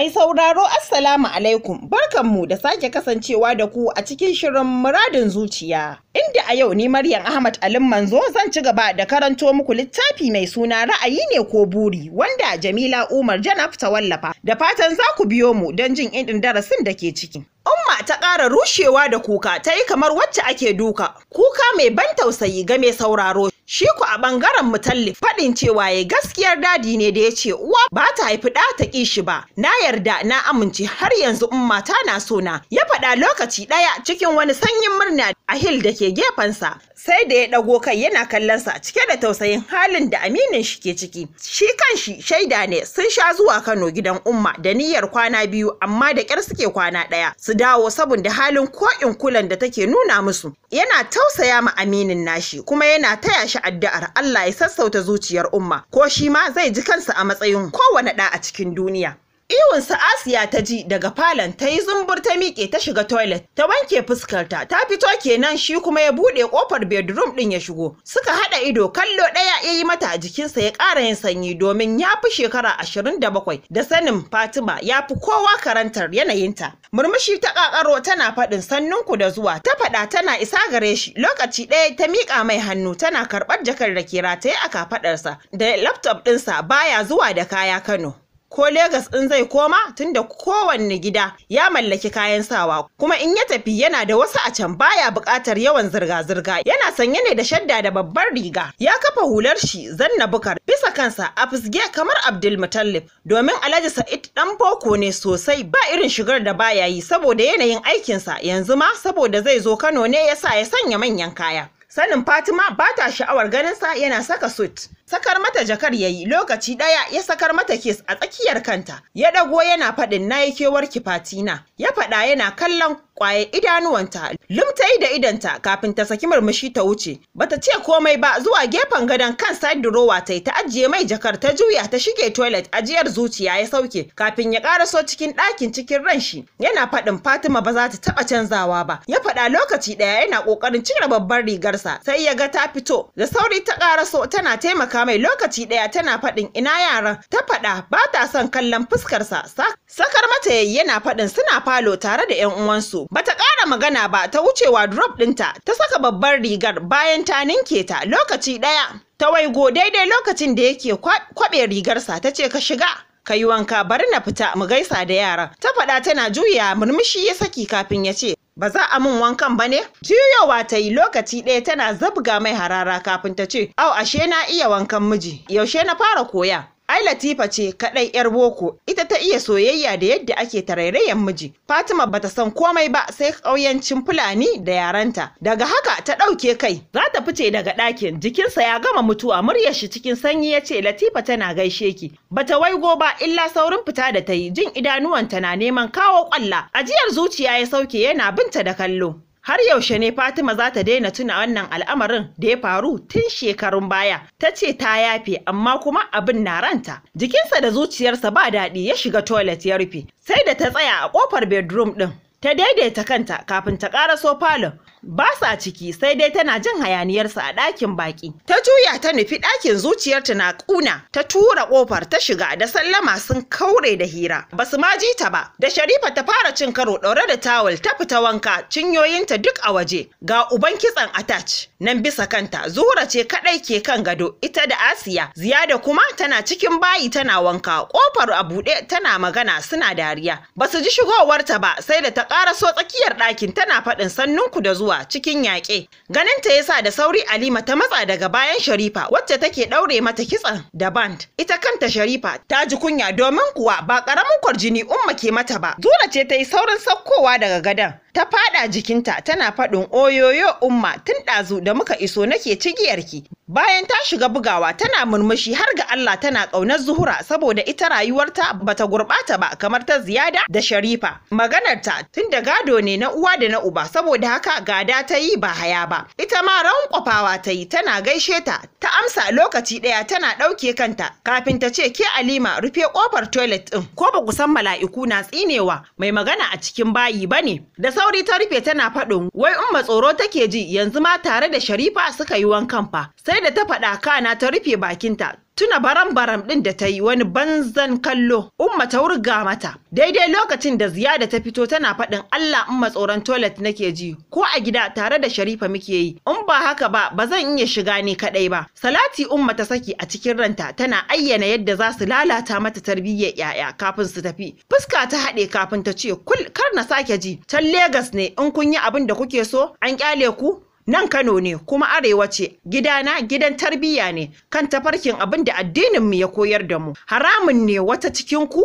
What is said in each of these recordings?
Mai sauraro Assalamu alaikum barkanmu da sake kasancewa da ku a cikin shirin muradin zuciya. Inda a yau ni Maryam Ahmad Alim Manzo zan ci gaba da karanto muku littafi mai suna ra'ayi ne ko buri wanda Jamila Umar Janaf ta wallafa. Da fatan za ku biyo mu don jin irin darasin da ke ciki. Umma ta ƙara rushewa da kuka ta yi kamar wacce ake duka. Kuka mai ban tausayi game sauraro. Shi ku a ɓangaren mutalli faɗin cewa ya gaskiyar dadi ne da ya ce uwa ba ta haifi ɗa ta ƙi shi ba. Na yarda na amince har yanzu umma ta na so na. Ya faɗa lokaci ɗaya cikin wani sanyin murna a hil da ke gefensa. Sai da ya ɗago kai yana kallonsa cike da tausayin halin da aminin shi ke ciki. Shi kan shi shaida ne sun sha zuwa Kano gidan umma da niyyar kwana biyu amma da ƙyar suke kwana ɗaya. su dawo saboda halin ko'in kulan da take nuna musu yana tausaya ma aminin nashi kuma yana taya shi addu'ar Allah ya sassauta zuciyar umma ko shi ma zai ji kansa a matsayin kowane ɗa a cikin duniya Iwon sa Asiya ta ji daga falon ta yi zumbur ta miƙe ta shiga toilet ta wanke fuskarta ta fito kenan shi kuma ya buɗe ƙofar bedroom ɗin ya shigo. Suka haɗa ido kallo ɗaya ya yi mata a jikinsa ya ƙara yin sanyi domin ya fi shekara ashirin da bakwai da sanin Fatima ya fi kowa karantar yanayinta. Murmushi ta ƙaƙaro tana faɗin sannunku da zuwa ta faɗa tana isa gare shi lokaci ɗaya ta miƙa mai hannu tana karɓar jakar da ke rataye a kafaɗarsa da laptop ɗinsa baya zuwa da kaya Kano. ko Legas in zai koma tunda kowanne gida ya mallaki kayan sawa kuma in ya tafi yana da wasu a can baya buƙatar yawan zirga-zirga yana sanye ne da shadda da babbar riga ya kafa hular shi zanna bukar bisa kansa a fisge kamar Abdul Mutallib domin Alhaji Sa'id dan boko ne sosai ba irin shigar da baya yi saboda yanayin aikinsa yanzu ma saboda zai zo Kano ne yasa ya sanya manyan kaya sanin Fatima ba ta sha'awar ganin sa yana saka suit sakar mata jakar ya yi. lokaci ɗaya ya sakar mata kes a tsakiyar kanta ya dago yana faɗin na yi kewar kifatina ya faɗa yana kallon kwaye idanuwanta lumtai da idanta kafin ta saki murmushi ta wuce bata ce komai ba zuwa gefen gadon kan side drawer ta ta ajiye mai jakar ta juya ta shige toilet ajiyar zuciya ya sauke kafin ya karaso cikin ɗakin cikin ran shi yana faɗin Fatima ba za ta taɓa canzawa ba ya faɗa lokaci ɗaya yana ƙoƙarin cire babbar rigarsa sai ya ga ta fito da sauri ta karaso tana taimaka mai lokaci ɗaya tana faɗin ina yaran ta faɗa ba ta son kallon fuskarsa sakar mata yayi yana faɗin suna falo tare da yan uwansu bata ƙara magana ba ta wucewa drop ɗinta ta saka babbar rigar bayan ta ninke ta lokaci ɗaya ta waigo daidai lokacin da yake kwaɓe rigarsa ta ce ka shiga ka yi wanka bari na fita mu gaisa da yaran ta faɗa tana juya murmushi ya saki kafin ya ce ba za a min wankan ba ne? Juyowa ta yi lokaci ɗaya tana zabga mai harara kafin ta ce, au ashe na iya wankan miji, yaushe na fara koya. Ai Latifa ce kaɗai 'yar boko, ita ta iya soyayya da yadda ake tarairayen miji. Fatima bata san komai ba sai ƙauyancin Fulani da yarenta Daga haka ta ɗauke kai, za ta fice daga ɗakin, jikinsa ya gama mutuwa, muryar shi cikin sanyi ya ce Latifa tana gaishe ki. Bata waigo ba illa saurin fita da ta yi, jin idanuwanta na neman kawo ƙwalla. Ajiyar zuciya ya sauke yana binta da kallo. Har yaushe ne Fatima za ta daina tuna wannan al'amarin da ya faru tun shekarun baya. Ta ce ta yafe amma kuma abin na ranta. Jikinsa da zuciyarsa ba daɗi ya shiga toilet ya rufe. Sai da ta tsaya a ƙofar bedroom ɗin. Ta daidaita kanta kafin ta ƙaraso falon. ba sa ciki sai dai tana jin hayaniyarsa a ɗakin baƙi ta juya ta nufi ɗakin zuciyarta na ƙuna ta tura ƙofar ta shiga da sallama sun kaure da hira Ba su ma ji ta ba da sharifa ta fara cin karo ɗaure da tawul ta fita wanka cinyoyinta duk a waje ga uban kitson attach nan bisa kanta zuhura ce kaɗai ke kan gado ita da asiya ziyada kuma tana cikin bayi tana wanka ƙofar a buɗe tana magana suna dariya Ba su ji shigowarta ba sai da ta ƙara so tsakiyar ɗakin tana faɗin sannunku da zuwa zuwa cikin yaƙe ganin ta yasa da sauri Alima ta matsa daga bayan Sharifa wacce take ɗaure mata kitsan da band ita kanta Sharifa ta ji kunya domin kuwa ba ƙaramin kwarjini umma ke mata ba Zura ce ta yi saurin saukowa daga gadon. ta fada jikinta tana faɗin oyoyo umma tun ɗazu da muka iso nake ki. bayan ta shiga bugawa tana murmushi har ga Allah tana ƙaunar zuhura saboda ita rayuwarta bata gurɓata ba kamar ta ziyada da sharifa maganarta tun da gado ne na uwa da na uba saboda haka gada ta yi ba haya ba ita ma rawan kwafawa ta yi tana gaishe ta ta amsa lokaci ɗaya tana ɗauke kanta kafin ta ce ke alima rufe ƙofar toilet ɗin ko ba ku san mala'iku na tsinewa mai magana a cikin bayi ba ne da sauri ta rufe tana faɗin wai umma tsoro take ji yanzu ma tare da Sharifa suka yi wankan fa sai da ta faɗa kana ta rufe bakinta tuna baram-baram ɗin da ta yi wani banzan kallo umma ta wurga mata daidai lokacin da ziyada ta fito tana faɗin allah umma tsoron toilet nake ji ko a gida tare da sharifa muke yi in ba haka ba ba zan iya shiga ne kaɗai ba salati umma ta saki a cikin ranta tana ayyana yadda za su lalata mata tarbiyyar yaya kafin su tafi fuska ta haɗe kafin ta ce kul kar na sake ji can Legas ne in kun yi abin da kuke so an kyale ku nan Kano ne kuma arewa ce gidana gidan tarbiyya ne kan tafarkin abin da addinin mu ya koyar da mu haramun ne wata cikin ku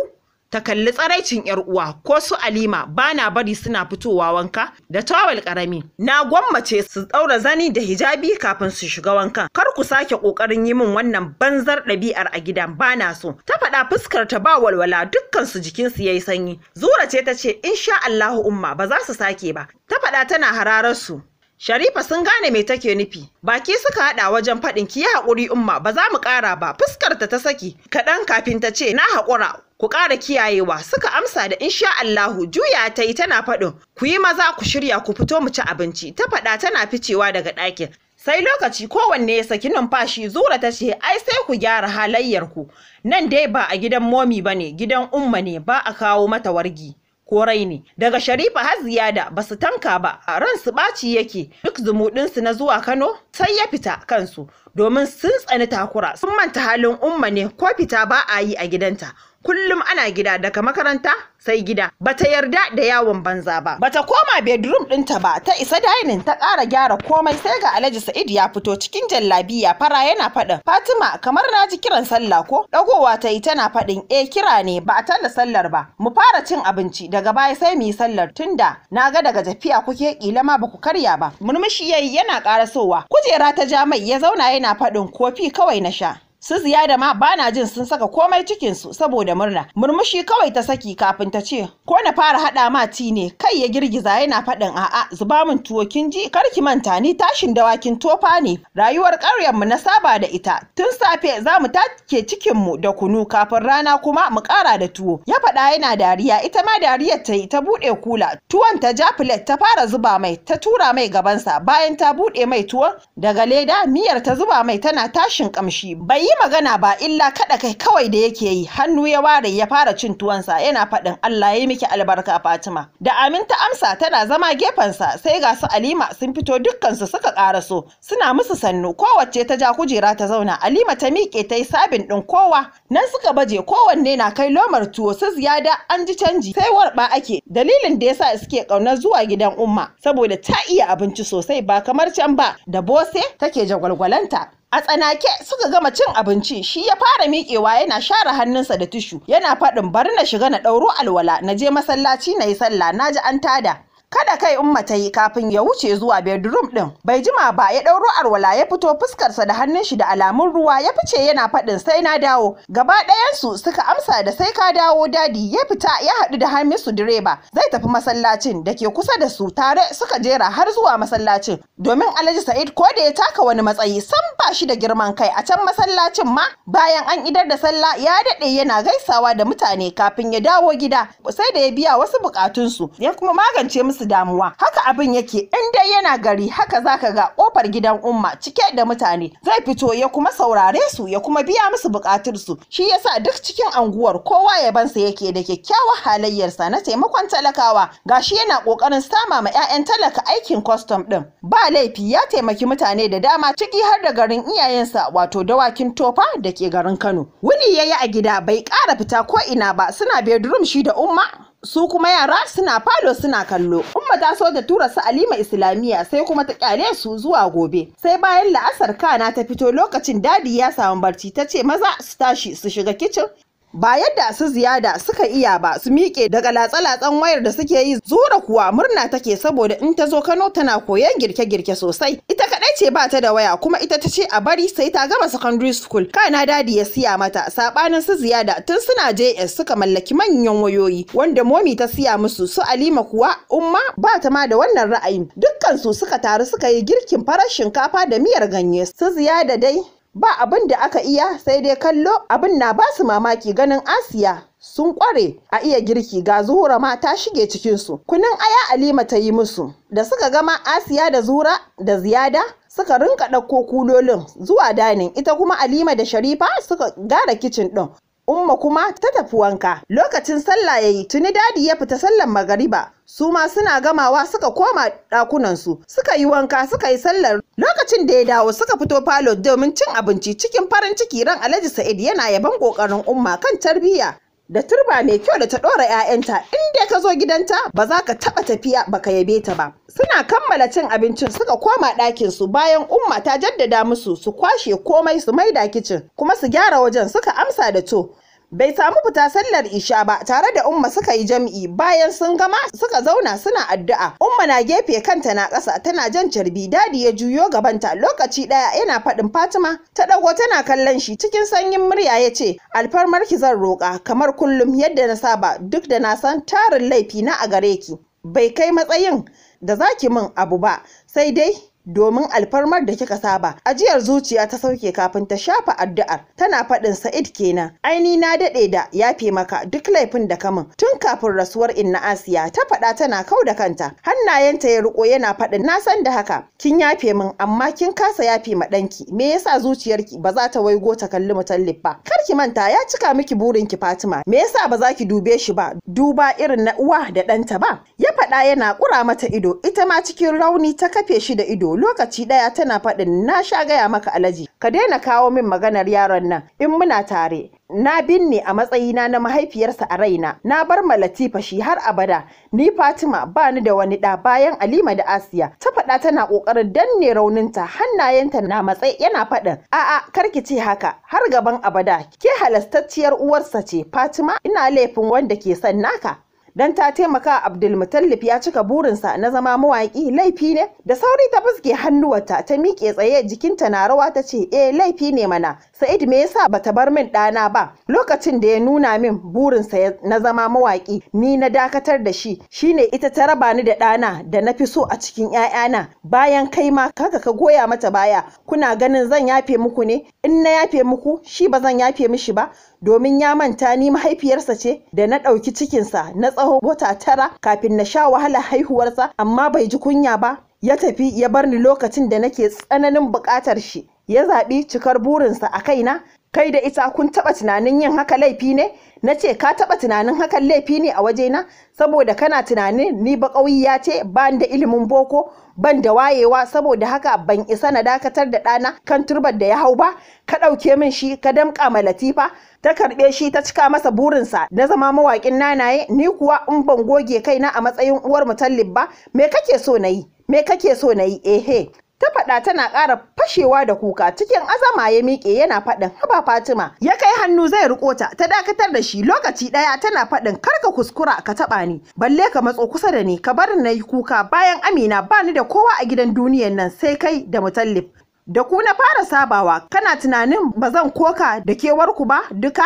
ta kalli tsaraicin yar uwa ko su Alima bana bari suna fitowa wanka da tawal karami na gwammace su daura zani da hijabi kafin su shiga wanka kar ku sake kokarin yi min wannan banzar ɗabi'ar a gidan bana so ta faɗa fuskar ta ba walwala dukkan su jikin su yayi sanyi zura ce ta ce insha Allahu umma ba za su sake ba ta faɗa tana hararar su Sharifa sun gane me take nufi. Baki suka haɗa wajen faɗin ki yi haƙuri umma ba za mu ƙara ba fuskarta ta saki kaɗan kafin ta ce na haƙura ku ƙara kiyayewa suka amsa da insha Allahu juya ta yi tana faɗin ku yi maza ku shirya ku fito mu ci abinci ta faɗa tana ficewa daga ɗakin. Sai lokaci kowanne ya saki numfashi zura ta ce ai sai ku gyara halayyarku nan dai ba a gidan momi ba ne gidan umma ne ba a kawo mata wargi. ko raini daga sharifa har ziyada ba su tanka ba a su ɓaci yake duk zumuɗinsu na zuwa kano sai ya fita kansu domin sun tsani takura sun manta halin umma ne ko fita ba a yi a gidanta kullum ana gida daga makaranta sai gida bata yarda da yawon banza ba bata koma bedroom dinta ba ta isa dining ta ƙara gyara komai sai ga Alhaji Sa'id ya fito cikin jallabiya fara yana faɗin Fatima kamar na ji kiran sallah ko ɗagowa ta yi tana faɗin eh kira ne ba a talla sallar ba mu fara cin abinci daga baya sai mu yi sallar tunda na ga daga tafiya kuke kila ma ba ku karya ba murmushi yayi yana ƙarasowa kujera ta ja mai ya zauna yana ina faɗin kofi kawai na sha su da ma bana jin sun saka komai cikin su saboda murna murmushi kawai ta saki kafin ta ce ko na fara hada ma ti ne kai ya girgiza yana faɗin a'a zuba min tuwo kin ji kar ki manta ni tashin dawakin tofa ne rayuwar ƙauyen mu na saba da ita tun safe za mu take cikin mu da kunu kafin rana kuma mu ƙara da tuwo ya faɗa yana dariya ita ma dariyar ta yi ta buɗe kula tuwon ta ja filet ta fara zuba mai ta tura mai gabansa bayan ta buɗe mai tuwon daga leda miyar ta zuba mai tana tashin ƙamshi bai yi magana ba illa kaɗa kai kawai da yake yi hannu ya ware ya fara cin tuwansa yana faɗin Allah ya yi miki albarka Fatima. Da aminta amsa tana zama gefensa sai ga su Alima sun fito dukkansu suka ƙaraso suna musu sannu kowacce ta ja kujera ta zauna Alima ta miƙe ta yi sabin ɗin kowa nan suka baje kowanne na kai lomar tuwo su ziyada an ji canji sai warɓa ake dalilin da yasa suke ƙaunar zuwa gidan umma saboda ta iya abinci sosai ba kamar can ba da bose take jagwalgwalanta a tsanake suka gama cin abinci shi ya fara miƙewa yana share hannunsa da tishu yana faɗin bari na shiga na ɗauro alwala na je masallaci na yi sallah na ji an tada kada kai umma ta yi kafin ya wuce zuwa bedroom din bai jima ba ya ɗauro arwala ya fito fuskarsa da hannun shi da alamun ruwa ya fice yana faɗin sai na dawo gaba ɗayansu suka amsa da sai ka dawo dadi ya fita ya haɗu da hamisu direba zai tafi masallacin da ke kusa da su tare suka jera har zuwa masallacin domin alhaji sa'id ko da ya taka wani matsayi sam ba shi da girman kai a can masallacin ma bayan an idar da sallah ya daɗe yana gaisawa da mutane kafin ya dawo gida sai da ya biya wasu buƙatunsu ya kuma magance musu musu damuwa haka abin yake in dai yana gari haka zaka ga kofar gidan umma cike da mutane zai fito ya kuma saurare su ya kuma biya musu bukatun su shi yasa duk cikin anguwar kowa ya yabansa yake da kyakkyawar halayyarsa na taimakon talakawa gashi yana kokarin sama ma 'ya'yan talaka aikin kwastam din ba laifi ya taimaki mutane da dama ciki har da garin iyayensa wato dawakin tofa da ke garin Kano wuni yayi a gida bai ƙara fita ko ina ba suna bedroom shi da umma su kuma yara suna falo suna kallo umma ta so ta tura su alima islamiyya sai kuma ta kyale su zuwa gobe sai bayan la'asar kana ta fito lokacin dadi ya samu barci ta ce maza su tashi su shiga kicin ba yadda su ziyada suka iya ba su miƙe daga latsa-latsan wayar da suke yi zura kuwa murna take saboda in ta zo kano tana koyon girke-girke sosai ita kaɗai ce ba ta da waya kuma ita ta ce a bari sai ta gama secondary school kana dadi ya siya mata sabanin su ziyada tun suna JS suka mallaki manyan wayoyi wanda momi ta siya musu su Alima kuwa umma ba ta ma da wannan ra'ayin dukkan su suka taru suka yi girkin farar shinkafa da miyar ganye su ziyada dai ba abin da aka iya sai dai kallo abin na basu mamaki ganin asiya sun ƙware a iya girki ga zuhura ma ta shige cikinsu kunin aya alima ta yi musu da suka gama asiya da zura da ziyada suka rinka ɗauko kulolin zuwa danin ita kuma alima da sharifa suka gara kicin ɗin umma kuma ta tafi wanka lokacin sallah yayi tuni dadi ya fita sallar magariba su ma suna gamawa suka koma ɗakunansu suka yi wanka suka yi sallar lokacin da ya dawo suka fito falo domin cin abinci cikin farin ciki ran alhaji sa'id yana yaban ƙoƙarin umma kan tarbiyya da turba mai kyau da ta ɗora 'ya'yanta dai ka zo gidanta ba za ka taɓa tafiya ba ka yabe ta ba suna kammala cin abincin suka koma ɗakin su bayan umma ta jaddada musu su kwashe komai su maida kicin kuma su gyara wajen suka amsa da to bai samu fita sallar isha ba tare da umma suka yi jam'i bayan sun gama suka zauna suna addu'a umma na gefe kanta na ƙasa tana jan carbi dadi ya juyo gabanta lokaci ɗaya yana faɗin fatima ta ɗago tana kallon shi cikin sanyin murya ya ce alfarmar ki zan roƙa kamar kullum yadda na saba duk da na san tarin laifi na a gare ki bai kai matsayin da zaki min abu ba sai dai domin alfarmar da kika saba ajiyar zuciya ta sauke kafin ta shafa addu'ar tana faɗin sa'id kenan aini na daɗe da yafe maka duk laifin da kamun tun kafin rasuwar inna asiya ta faɗa tana kau da kanta hannayenta ya riko yana faɗin na san da haka kin yafe min amma kin kasa yafe ma ɗanki me yasa zuciyarki ba za ta waigo ta kalli mutallif ba kar ki manta ya cika miki burinki fatima me yasa ba za ki dube shi ba duba irin na uwa da ɗanta ba faɗa yana ƙura mata ido ita ma cikin rauni ta kafe shi da ido lokaci ɗaya tana faɗin na sha gaya maka alaji ka daina kawo min maganar yaron nan in muna tare na binne a matsayina na mahaifiyarsa a raina na bar ma latifa shi har abada ni fatima ba ni da wani ɗa bayan alima da asiya ta faɗa tana ƙoƙarin danne rauninta hannayenta na matsayi yana faɗin a'a karki ce haka har gaban abada ke halastacciyar uwarsa ce fatima ina laifin wanda ke son naka don ta taimaka Abdulmutallif ya cika burinsa na zama mawaƙi laifi ne da sauri ta fuske hannuwarta ta miƙe tsaye jikinta na rawa ta ce eh laifi ne mana Sa'id me yasa bata bar min ɗana ba lokacin da ya nuna min burinsa na zama mawaƙi ni na dakatar da shi shine ita ta raba ni da ɗana da na fi so a cikin 'ya'yana bayan kai ma kaka ka goya mata baya kuna ganin zan yafe muku ne in na yafe muku shi ba zan yafe mishi ba domin ya manta ni mahaifiyarsa ce da na ɗauki cikinsa na tsawon tsawon wata tara kafin na sha wahalar haihuwarsa amma bai ji kunya ba ya tafi ya barni lokacin da nake tsananin buƙatar shi ya zaɓi cikar burinsa a kaina kai da ita kun taɓa tunanin yin haka laifi ne na ce ka taɓa tunanin hakan laifi ne a wajena saboda kana tunanin ni ba ƙauyiya ce ban da ilimin boko ban da wayewa saboda haka ban isa na dakatar da ɗana kan turbar da ya hau ba ka ɗauke min shi ka damƙa ma latifa ta karɓe shi ta cika masa burinsa na zama mawaƙin nanaye ni kuwa in ban goge kaina a matsayin uwar mutallib ba me kake so na yi me kake so na yi ehe ta faɗa tana ƙara fashewa da kuka cikin azama ya miƙe yana faɗin haba Fatima ya kai hannu zai riko ta ta dakatar da shi lokaci ɗaya tana faɗin karka kuskura ka taɓa ni balle ka matso kusa da ni ka bar na yi kuka bayan Amina ba ni da kowa a gidan duniyan nan sai kai da Mutallif da ku na fara sabawa kana tunanin ba zan koka da kewar ku ba duka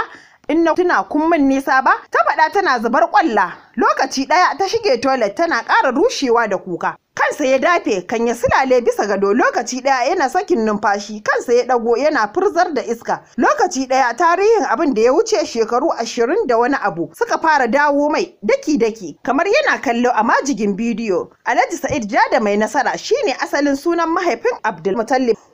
in na tuna kun min nisa ba ta faɗa tana zubar ƙwalla lokaci ɗaya ta shige toilet tana ƙara rushewa da kuka kansa ya dafe kan ya silale bisa gado lokaci daya yana sakin numfashi kansa ya dago yana furzar da iska lokaci daya tarihin abin da ya wuce shekaru ashirin da wani abu suka fara dawo mai daki daki kamar yana kallo a majigin bidiyo alhaji sa'id jada mai nasara shine asalin sunan mahaifin abdul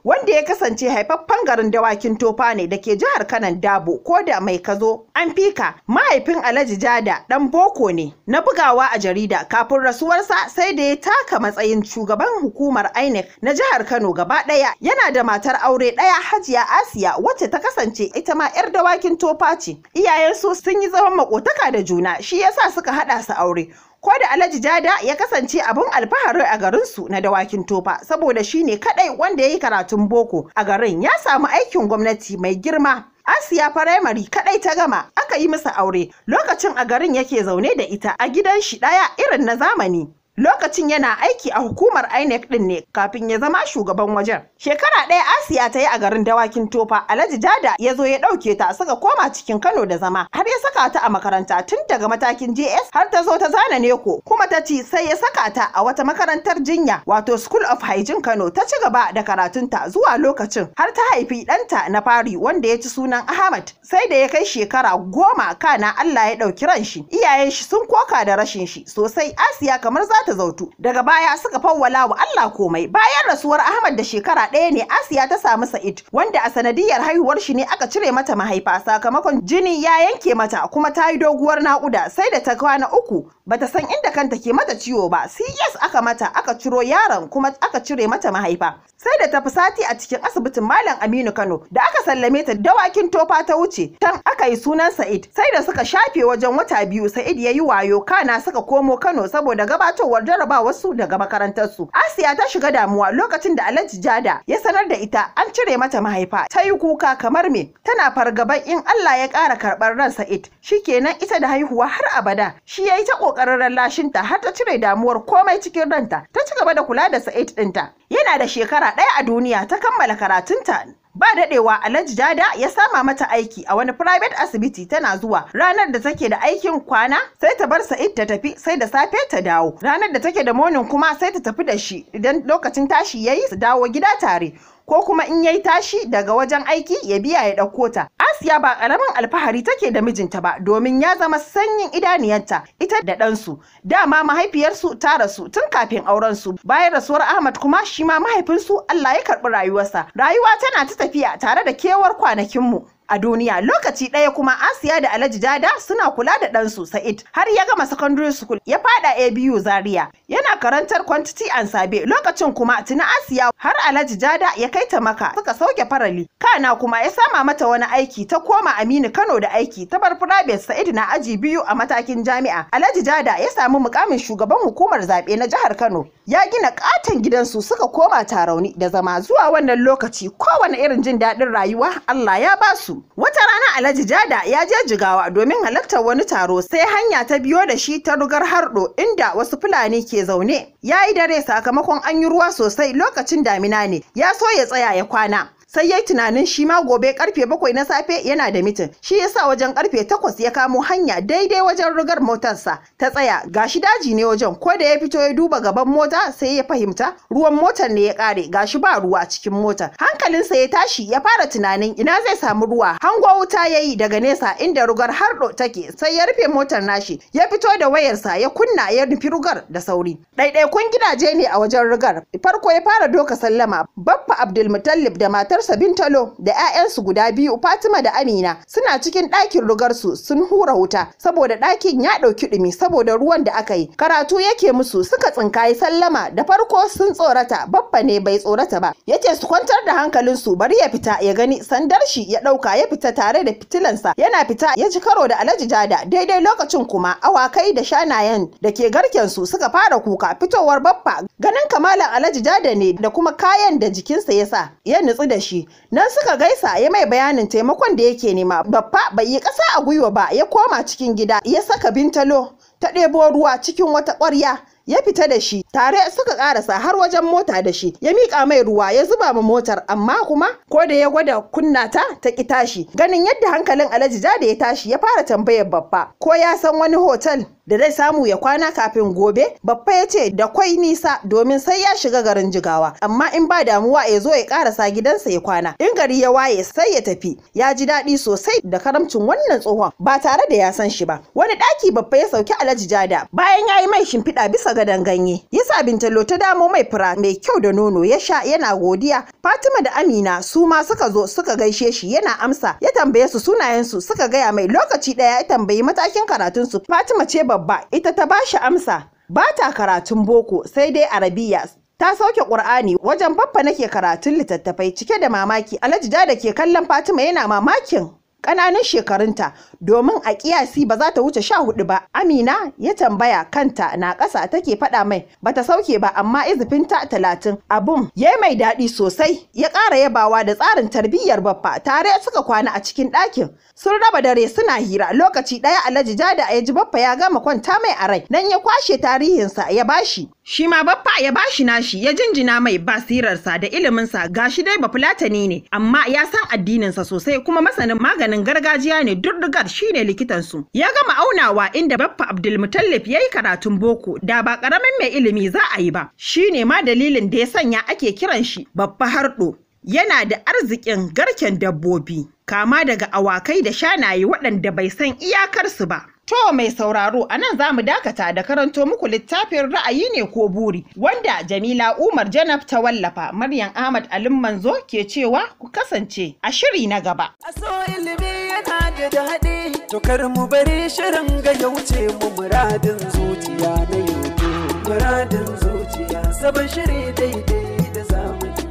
wanda ya kasance haifaffen garin dawakin tofa ne da ke jihar kanan dabo ko da mai kazo an fika mahaifin alhaji jada dan boko ne na bugawa a jarida kafin rasuwarsa sai da ya taka matsayin shugaban hukumar inec na jihar kano gaba daya yana da matar aure daya hajiya asiya wacce ta kasance ita ma yar dawakin tofa ce iyayensu sun yi tsawon makotaka da juna shi yasa suka hada su aure ko da Alhaji Jada ya kasance abin alfahari a garinsu na dawakin tofa saboda shi ne kaɗai wanda ya yi karatun boko a garin ya samu aikin gwamnati mai girma Asiya firamare kaɗai ta gama aka yi masa aure lokacin a garin yake zaune da ita a gidan shi ɗaya irin na zamani lokacin yana aiki a hukumar INEC ɗin ne kafin ya zama shugaban wajen. Shekara ɗaya Asiya ta yi a garin dawakin tofa, Alhaji Jada ya zo ya ɗauke ta suka koma cikin Kano da zama, har ya saka ta a makaranta tun daga matakin JS har ta zo ta zana ne ko. kuma ta ci sai ya saka ta a wata makarantar jinya wato School of Hygiene Kano ta ci gaba da karatunta zuwa lokacin har ta haifi ɗanta na fari wanda ya ci sunan Ahmad sai da ya kai shekara goma kana Allah ya ɗauki ran shi. Iyayen shi sun koka da rashin shi sosai Asiya kamar za ta zautu daga baya suka fawwala wa Allah komai bayan rasuwar Ahmad da shekara ɗaya ne Asiya ta samu Sa'id wanda a sanadiyar haihuwar shi ne aka cire mata mahaifa sakamakon jini ya yanke mata kuma ta yi doguwar naƙuda sai da ta kwana uku bata san inda kanta ke mata ciwo ba CS aka mata aka ciro yaron kuma aka cire mata mahaifa sai da ta fi sati a cikin asibitin Malam Aminu Kano da aka sallame ta dawakin tofa ta wuce tan aka yi sunan Sa'id sai da suka shafe wajen wata biyu Sa'id ya yi wayo kana suka komo Kano saboda gabatowar jarabawar su daga makarantar su Asiya ta shiga damuwa lokacin da Alhaji Jada ya sanar da ita an cire mata mahaifa ta yi kuka kamar me tana fargaban in Allah ya ƙara karɓar ran Sa'id shikenan ita da haihuwa har abada shi yayi ta ƙoƙarin lallashinta har ta cire damuwar komai cikin ranta ta ci gaba da kula da Sa'id ɗinta yana da shekara ɗaya a duniya ta kammala karatunta ba daɗewa Alhaji Dada ya sama mata aiki a wani private asibiti tana zuwa ranar da take da aikin kwana sai ta bar Sa'id ta tafi sai da safe ta dawo ranar da take da monin kuma sai ta tafi da shi idan lokacin tashi yayi su dawo gida tare ko kuma in yayi tashi daga wajen aiki ya biya ya ɗauko ta. Asiya ba ƙaramin alfahari take da mijinta ba domin ya zama sanyin idaniyanta ita da ɗansu. Dama mahaifiyarsu ta rasu tun kafin aurensu. Bayan rasuwar Ahmad kuma shi ma mahaifinsu Allah ya karɓi rayuwarsa. Rayuwa tana ta tafiya tare da kewar kwanakinmu. a duniya lokaci ɗaya kuma asiya da alhaji dada suna kula da ɗansu sa'id har ya gama secondary school ya fada abu zaria yana karantar Kwantiti and sabe lokacin kuma tuna asiya har alhaji dada ya kai ta maka suka sauke farali na kuma ya sama mata wani aiki ta koma Aminu Kano da aiki ta bar private Sa'idu na aji biyu a matakin jami'a Alhaji Jada ya samu mukamin shugaban hukumar zaɓe na jihar Kano ya gina katon gidansu suka koma tarauni da zama zuwa wannan lokaci kowane irin jin daɗin rayuwa Allah ya ba su wata rana Alhaji Jada ya je Jigawa domin halartar wani taro sai hanya ta biyo da shi ta rugar harɗo inda wasu Fulani ke zaune ya yi dare sakamakon an yi ruwa sosai lokacin damina ne ya so ya tsaya ya kwana sai yayi tunanin shi ma gobe karfe bakwai na safe yana da mitin shi yasa wajen karfe takwas ya kamo hanya daidai wajen rugar motarsa ta tsaya gashi daji ne wajen ko da ya fito ya duba gaban mota sai ya fahimta ruwan motar ne ya kare gashi ba ruwa a cikin motar hankalinsa ya tashi ya fara tunanin ina zai samu ruwa hango wuta yayi daga nesa inda rugar harɗo take sai ya rufe motar nashi ya fito da wayarsa ya kunna ya nufi rugar da sauri ɗaiɗaikun gidaje ne a wajen rugar farko ya fara doka sallama baffa abdulmutallib da matarsa matarsa Bintalo da 'ya'yansu guda biyu Fatima da Amina suna cikin ɗakin rugarsu sun hura wuta saboda ɗakin ya ɗauki ɗumi saboda ruwan da aka yi. Karatu yake musu suka tsinkayi sallama da farko sun tsorata babba ne bai tsorata ba. Yake su kwantar da hankalinsu bari ya fita ya gani sandar shi ya ɗauka ya fita tare da fitilansa yana fita ya ci karo da Alhaji Jada daidai lokacin kuma awakai da shanayen da ke garkensu suka fara kuka fitowar babba ganin kamalan Alhaji Jada ne da kuma kayan da jikinsa ya sa ya nutsu da shi nan suka gaisa ya mai bayanin taimakon da yake nema baffa bai yi ƙasa a gwiwa ba ya koma cikin gida ya saka bintalo ta ɗebo ruwa cikin wata ƙwarya ya fita da shi tare suka karasa har wajen mota da shi ya miƙa mai ruwa ya zuba ma motar amma kuma ko da ya gwada kunna ta ta ki tashi ganin yadda hankalin alhaji da ya tashi ya fara tambayar baffa ko ya san wani hotel da zai samu ya kwana kafin gobe babba ya ce da kwai nisa domin sai ya shiga garin jigawa amma in ba damuwa ya zo ya karasa gidansa ya kwana in gari ya waye sai ya tafi ya ji daɗi sosai da karamcin wannan tsohon ba tare da ya san shi ba wani ɗaki babba ya sauki alhaji jada bayan ya yi mai shimfiɗa bisa gadon ganye Ya sa bintalo ta damo mai fura mai kyau da nono ya sha yana godiya fatima da amina su ma suka zo suka gaishe shi yana amsa ya tambaye su sunayensu suka gaya mai lokaci ɗaya ya tambayi matakin karatunsu fatima ce ba babba ita ta ba shi amsa ba ta karatun boko sai dai arabiya ta sauke ƙur'ani wajen babba nake karatun littattafai cike da mamaki alhaji da ke kallon fatima yana mamakin Ƙananan shekarunta domin a ƙiyasi ba za ta wuce sha hudu ba amina ya tambaya kanta na ƙasa take faɗa mai bata sauke ba amma izifinta talatin abun ya mai daɗi sosai ya ƙara yabawa da tsarin tarbiyyar baffa tare suka kwana a cikin ɗakin sun raba dare suna hira lokaci ɗaya alhaji jada ya ji baffa ya gama kwanta mai a rai nan ya kwashe tarihinsa ya bashi shi ma baffa ya bashi nashi ya jinjina mai basirarsa da iliminsa gashi dai ba fulatani ne amma ya san addininsa sosai kuma masanin magani maganin gargajiya ne Durdugar shine likitan su. Ya gama aunawa inda Baffa Abdulmutallif yi karatun boko da ba karamin mai ilimi za a yi ba. Shine ma dalilin da ya sanya ake kiran shi Baffa Hardo. Yana da arzikin garken dabbobi, kama daga awakai da shanaye waɗanda bai san iyakarsu ba. To mai sauraro a nan za mu dakata da karanto muku littafin ra'ayi ne ko buri wanda Jamila Umar Janab ta wallafa Maryam Ahmad Alim Manzo ke cewa ku kasance a shiri na gaba. A so ilimi yana da daɗi to kar mu bari shirin ga ya wuce mu muradin zuciya na yau muradin zuciya sabon shiri daidai da zamani.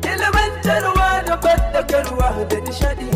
Ilimantarwa da fadakarwa da nishaɗi